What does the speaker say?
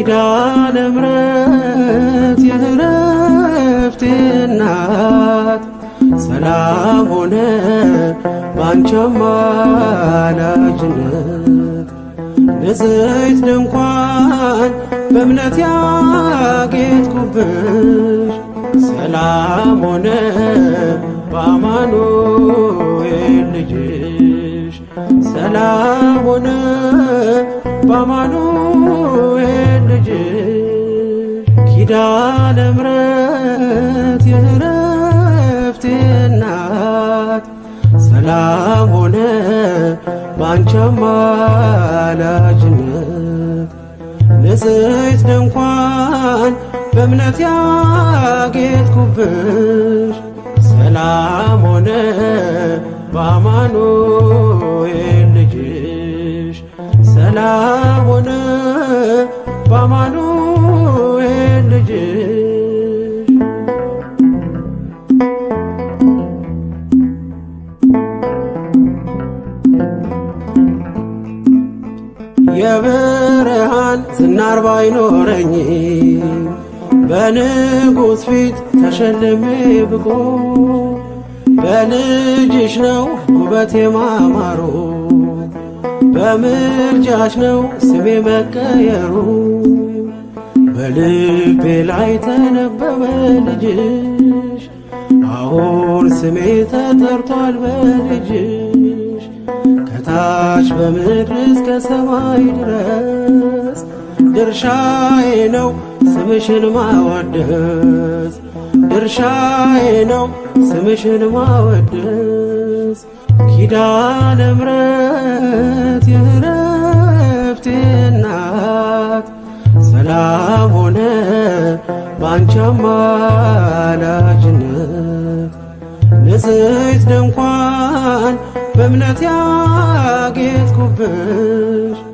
ኪዳነ ምሕረት የእረፍቴ እናት ሰላም ሆነ ባንቺ አማላጅነት ንጽሕት ድንኳን በእምነት ያጌጥኩብሽ ሰላም ሆነ በአማኑኤል ልጅሽ ሰላም ሆነ በአማኑኤል ኪዳነ ምሕረት የእረፍቴ ሰላም ሆነ ባንቺ አማላጅነት ንጽሕት ድንኳን በእምነት ያጌጥኩብሽ ሰላም ሆነ በአማኑኤል ልጅሽ ሰላም የብርሃን ዝናር ባይኖረኝ በንጉሥ ፊት ተሸልሜ ብቆ በልጅሽ ነው ውበት የማማሩ በምርጃሽ ነው ስሜ መቀየሩ በልቤ ላይ ተነበበ ልጅሽ አሁን ስሜ ተጠርቷል በልጅሽ ከታች በምድር ሰማይ ድረስ ድርሻዬ ነው ስምሽን ማወደስ ድርሻዬ ነው ስምሽን ማወደስ ኪዳነ ምሕረት የእረፍቴ እናት ሰላም ሆነ ባንቺ አማላጅነት ንጽሕት ድንኳን በእምነት ያጌጥኩብሽ